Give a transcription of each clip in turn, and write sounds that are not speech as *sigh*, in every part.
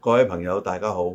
各位朋友，大家好！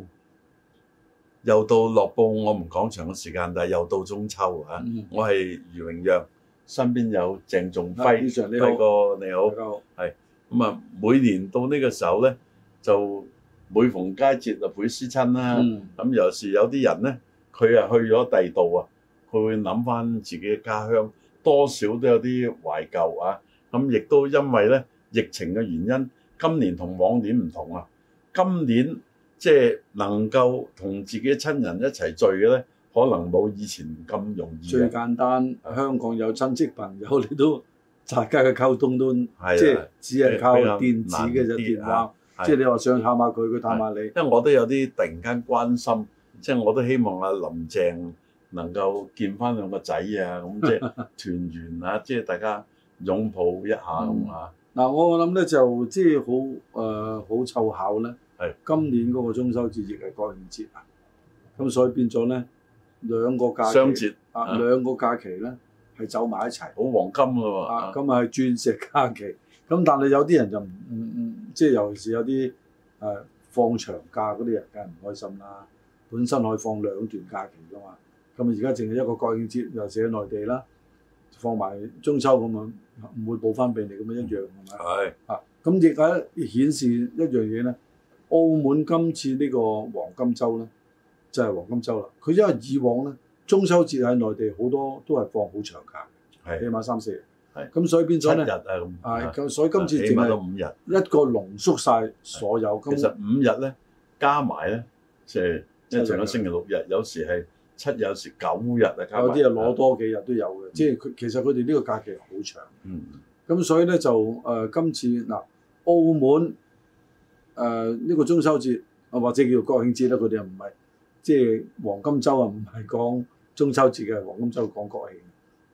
又到樂報我們講場嘅時間，但係又到中秋、嗯、是啊！我係余榮陽，身邊有鄭仲輝，輝哥你好，係咁啊！每年到呢個時候咧，就每逢佳節就倍思親啦。咁、嗯、有時有啲人咧，佢啊去咗第度啊，佢會諗翻自己嘅家鄉。多少都有啲懷舊啊！咁亦都因為咧疫情嘅原因，今年同往年唔同啊！今年即係能夠同自己親人一齊聚嘅咧，可能冇以前咁容易啊。最簡單，香港有親戚朋友，你都大家嘅溝通都係，即係只係靠電子嘅啫，電話。即係你話想探下佢，佢探下你。因為我都有啲突然間關心，即係我都希望阿林鄭，能夠見翻兩個仔啊，咁即係團圓啊，即 *laughs* 係大家擁抱一下咁啊！嗱、嗯嗯，我諗咧就即係好誒好湊巧咧，係、就是呃、今年嗰個中秋節亦係國慶節啊，咁所以變咗咧兩個假期雙節啊，兩個假期咧係走埋一齊，好黃金嘅喎啊！咁啊係、啊、鑽石假期，咁但係有啲人就唔唔唔，即、嗯、係、嗯、尤其是有啲誒、啊、放長假嗰啲人梗係唔開心啦、啊，本身可以放兩段假期㗎嘛。咁而家淨係一個國慶節又寫喺內地啦，放埋中秋咁樣，唔會補翻俾你咁樣一樣係咪？係、嗯、啊，咁亦係顯示一樣嘢咧。澳門今次呢個黃金周咧，就係、是、黃金周啦。佢因為以往咧中秋節喺內地好多都係放好長假嘅，起碼三四日。係咁，所以變咗咧，七日係、啊、咁。所以今次淨係起碼都五日，一個濃縮晒所有金。其實五日咧加埋咧，即係即係除咗星期六日，日有時係。七有時九日啊，卡有啲啊攞多幾日都有嘅。即係佢其實佢哋呢個假期好長。嗯，咁所以咧就誒、呃、今次嗱、呃，澳門誒呢、呃呢個中秋節啊，或者叫做國慶節啦，佢哋又唔係即係黃金周，啊，唔係講中秋節嘅黃金周講國慶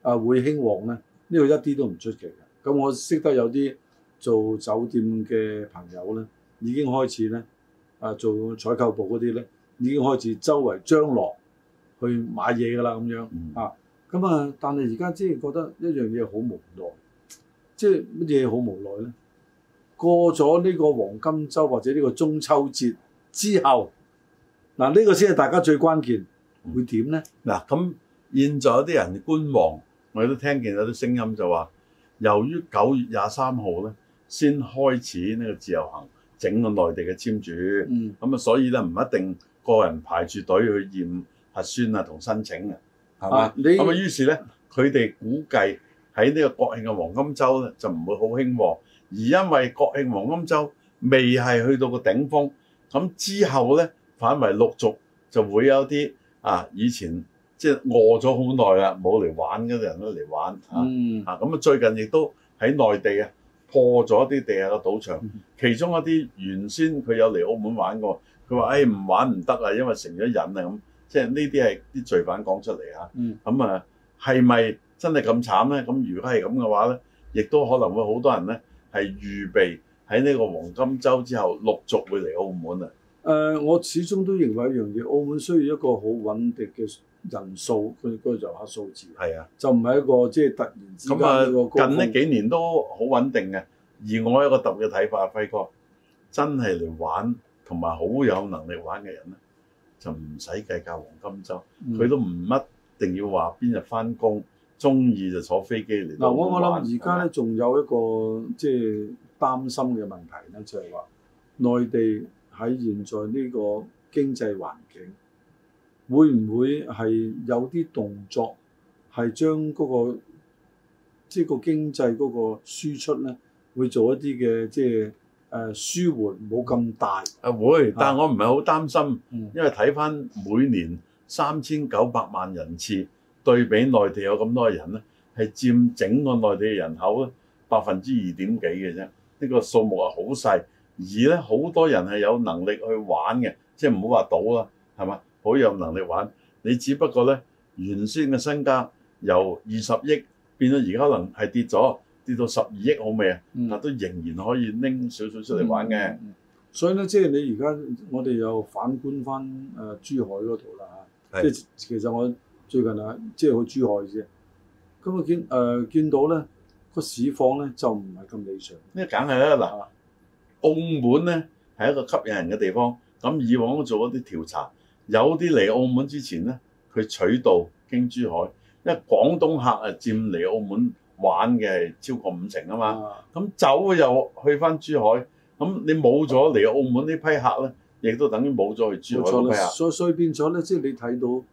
啊、呃，會興旺咧？呢個一啲都唔出奇嘅。咁我識得有啲做酒店嘅朋友咧，已經開始咧啊，做採購部嗰啲咧已經開始周圍張羅。去買嘢㗎啦咁樣啊，咁、嗯、啊，但係而家即係覺得一樣嘢好無奈，即係乜嘢好無奈咧？過咗呢個黃金週或者呢個中秋節之後，嗱、啊、呢、呢個先係大家最關鍵會點咧？嗱、嗯、咁、啊、現在有啲人觀望，我哋都聽見有啲聲音就話，由於九月廿三號咧先開始呢個自由行，整個內地嘅簽注，咁、嗯、啊，所以咧唔一定個人排住隊去驗，核酸啊，同申請啊，係嘛？咁啊，於是咧，佢哋估計喺呢個國慶嘅黃金週咧，就唔會好興旺，而因為國慶黃金週未係去到個頂峰，咁之後咧，反為陸續就會有啲啊，以前即係餓咗好耐啦，冇嚟玩嗰啲人都嚟玩咁、嗯、啊、啊、嗯，最近亦都喺內地啊破咗一啲地下嘅賭場、嗯，其中一啲原先佢有嚟澳門玩過佢話，誒唔、哎、玩唔得啊，因為成咗癮啊咁。即係呢啲係啲罪犯講出嚟嚇，咁、嗯、啊係咪真係咁慘咧？咁如果係咁嘅話咧，亦都可能會好多人咧係預備喺呢個黃金周之後陸續會嚟澳門啊。誒、呃，我始終都認為一樣嘢，澳門需要一個好穩定嘅人數，佢、那、嗰個就係數字。係啊，就唔係一個即係、就是、突然之間咁啊，近呢幾年都好穩定嘅。而我有一個特別嘅睇法啊，輝哥，真係嚟玩同埋好有能力玩嘅人咧。就唔使計較黃金周，佢、嗯、都唔乜一定要話邊日翻工，中、嗯、意就坐飛機嚟。嗱，我我諗而家咧，仲有一個即係、就是、擔心嘅問題咧，就係、是、話、嗯、內地喺現在呢個經濟環境，會唔會係有啲動作係將嗰、那個即係、就是、個經濟嗰個輸出咧，會做一啲嘅即係。就是誒舒緩冇咁大，啊、嗯、會，但我唔係好擔心，因為睇翻每年三千九百萬人次對比內地有咁多人呢，係佔整個內地嘅人口百分之二點幾嘅啫，呢、呢個數目係好細，而呢好多人係有能力去玩嘅，即係唔好話賭啦，係嘛，好有能力玩，你只不過呢，原先嘅身家由二十億變咗，而家可能係跌咗。跌到十二億好未啊、嗯？但都仍然可以拎少少出嚟玩嘅、嗯嗯。所以咧，即係你而家我哋又反觀翻、呃、珠海嗰度啦吓。即係其實我最近啊，即係去珠海先。咁我見、呃、見到咧個市況咧就唔係咁理想。因為梗係啦嗱，澳門咧係一個吸引人嘅地方。咁以往都做嗰啲調查，有啲嚟澳門之前咧，佢取道經珠海，因為廣東客啊佔嚟澳門。玩嘅係超過五成啊嘛，咁走又去翻珠海，咁你冇咗嚟澳門呢批客咧，亦都等於冇咗去珠海嘅衰，所以變咗咧，即係你睇到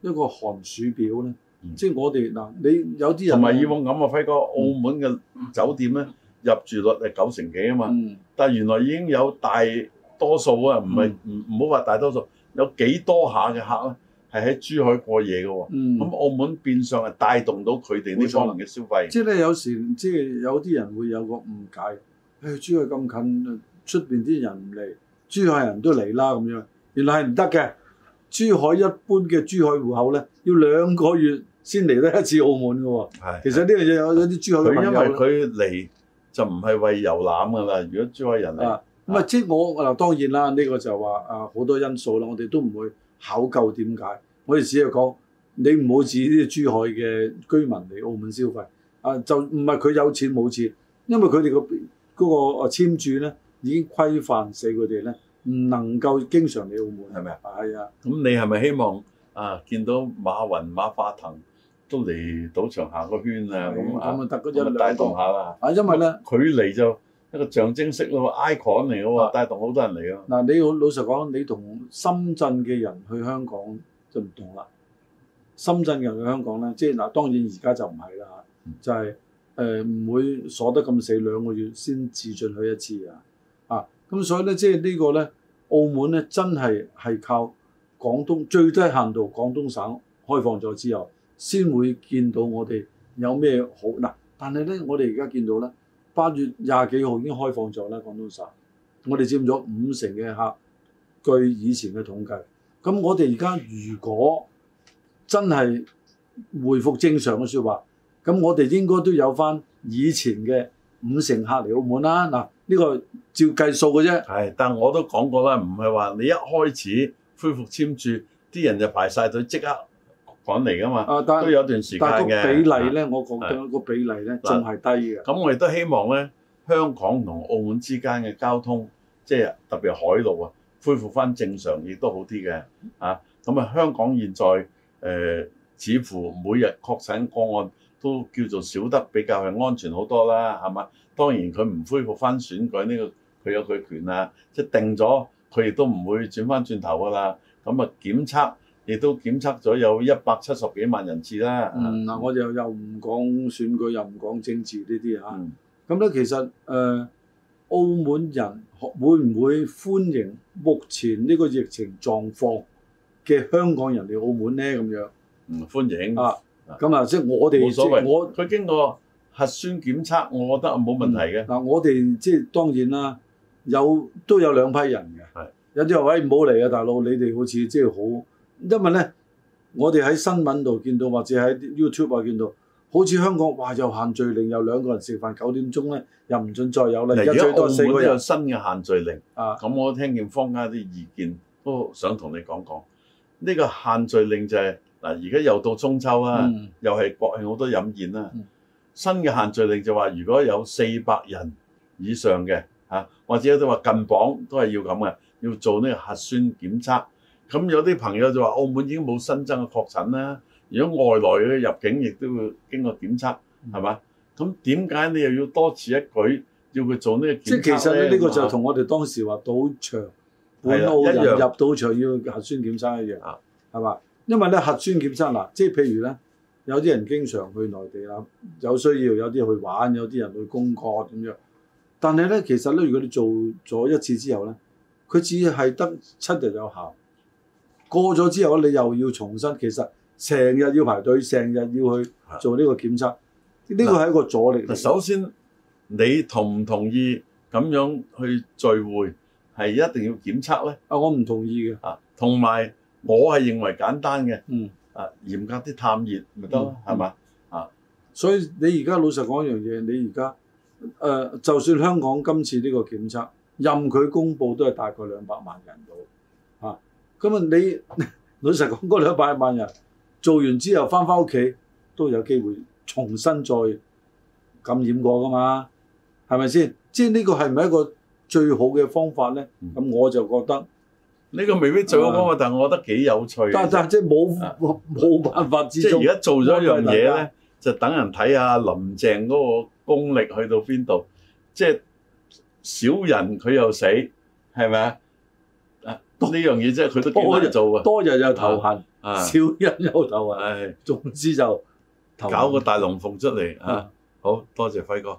一個寒暑表咧，即係、嗯、我哋嗱，你有啲人同埋以往咁啊，輝哥，澳門嘅酒店咧入住率係九成幾啊嘛、嗯，但係原來已經有大多數啊，唔係唔唔好話大多數，有幾多下嘅客咧？係喺珠海過夜嘅喎，咁澳門變相係帶動到佢哋呢可能嘅消費，嗯嗯嗯，即。即係咧，有時即係有啲人會有個誤解，誒、哎，珠海咁近，出邊啲人唔嚟，珠海人都嚟啦咁樣。原來係唔得嘅，珠海一般嘅珠海戶口咧，要兩個月先嚟得一次澳門嘅喎。係，其實呢樣嘢有有啲珠海佢因、啊、因為佢嚟就唔係為遊覽嘅啦。如果珠海人嚟啊，咁啊，即我嗱，當然啦，呢、呢個就話啊，好多因素啦，我哋都唔會。考究點解？我哋只係講你唔好指啲珠海嘅居民嚟澳門消費，啊就唔係佢有錢冇錢，因為佢哋個邊嗰個啊簽注咧已經規範死佢哋咧，唔能夠經常嚟澳門，係咪啊？係啊，咁你係咪希望啊見到馬雲、馬化騰都嚟賭場行個圈啊？咁啊，帶動下啦。啊，因為咧佢嚟就。一個象徵式咯 icon 嚟嘅喎，帶動好多人嚟咯。嗱、啊，你好，老實講，你同深圳嘅人去香港就唔同啦。深圳人去香港咧，即係嗱，當然而家就唔係啦，就係誒唔會鎖得咁死，兩個月先至進去一次啊。啊，咁所以咧，即係呢個咧，澳門咧真係係靠廣東最低限度廣東省開放咗之後，先會見到我哋有咩好嗱、啊。但係咧，我哋而家見到咧。八月廿幾號已經開放咗啦，廣東省。我哋佔咗五成嘅客，據以前嘅統計。咁我哋而家如果真係恢復正常嘅説話，咁我哋應該都有翻以前嘅五成客嚟澳門啦。嗱，呢個照計數嘅啫。係，但我都講過啦，唔係話你一開始恢復簽注，啲人就排晒隊即刻。趕嚟㗎嘛，啊，都有段時間嘅。但係個比例咧，我覺得個比例咧仲係低嘅。咁，啊、我亦都希望咧，香港同澳門之間嘅交通，即、就、係、是、特別海路啊，恢復翻正常亦都好啲嘅。嚇，咁啊，香港現在誒、呃、似乎每日確診個案都叫做少得比較係安全好多啦，係嘛？當然佢唔恢復翻選舉呢、這個佢有佢權啦即，就是、定咗佢亦都唔會轉翻轉頭㗎啦。咁啊，檢測。亦都檢測咗有一百七十幾萬人次啦。嗯，嗱，我就又唔講選舉，又唔講政治呢啲咁咧，嗯、其實誒、呃，澳門人會唔會歡迎目前呢個疫情狀況嘅香港人嚟澳門咧？咁樣唔、嗯、歡迎啊。咁啊，即係我哋，冇所謂，我佢經過核酸檢測，我覺得冇問題嘅。嗱、嗯呃，我哋即係當然啦，有都有兩批人嘅。係，有啲話，喂、哎，唔好嚟啊，大佬，你哋好似即係好。因為咧，我哋喺新聞度見到，或者喺 YouTube 啊見到，好似香港話有限聚令，有兩個人食飯九點鐘咧又唔准再有啦。而家澳門都有新嘅限聚令，咁、啊、我聽見坊間啲意見、啊、都想同你講講。呢、呢個限聚令就係、是、嗱，而家又到中秋啦、啊嗯，又係國慶好多飲宴啦、啊。新嘅限聚令就話、是，如果有四百人以上嘅或者都話近榜都係要咁嘅，要做呢個核酸檢測。咁有啲朋友就話：澳門已經冇新增嘅確診啦。如果外來嘅入境亦都會經過檢測，係、嗯、嘛？咁點解你又要多此一舉，要佢做呢個檢測？其實呢、呢個就同我哋當時話賭場本澳人入賭場要核酸檢測一樣，係嘛、啊？因為咧核酸檢測嗱，即係譬如咧，有啲人經常去內地啦，有需要，有啲去玩，有啲人去工作咁樣。但係咧，其實咧，如果你做咗一次之後咧，佢只係得七日有效。過咗之後你又要重新，其實成日要排隊，成日要去做呢個檢測，呢個係一個阻力嚟。首先，你同唔同意咁樣去聚會係一定要檢測呢？啊，我唔同意嘅。啊，同埋我係認為簡單嘅。嗯。啊，嚴格啲探熱咪得咯，係、嗯、嘛？啊、嗯，所以你而家老實講一樣嘢，你而家誒，就算香港今次呢個檢測任佢公佈都係大概兩百萬人到。咁啊，你老實講，嗰兩百萬人做完之後翻翻屋企都有機會重新再感染過噶嘛？係咪先？即係呢個係咪一個最好嘅方法咧？咁、嗯、我就覺得呢、這個未必最好方法、嗯，但我覺得幾有趣。但但即冇冇辦法、啊、之中。即係而家做咗一樣嘢咧，就等人睇下林鄭嗰個功力去到邊度。即係少人佢又死，係咪啊？呢樣嘢即係佢都幾多人做啊！多日有頭痕，少日有頭痕，唉、啊啊啊，總之就投行搞個大龍鳳出嚟、嗯、啊！好多謝輝哥。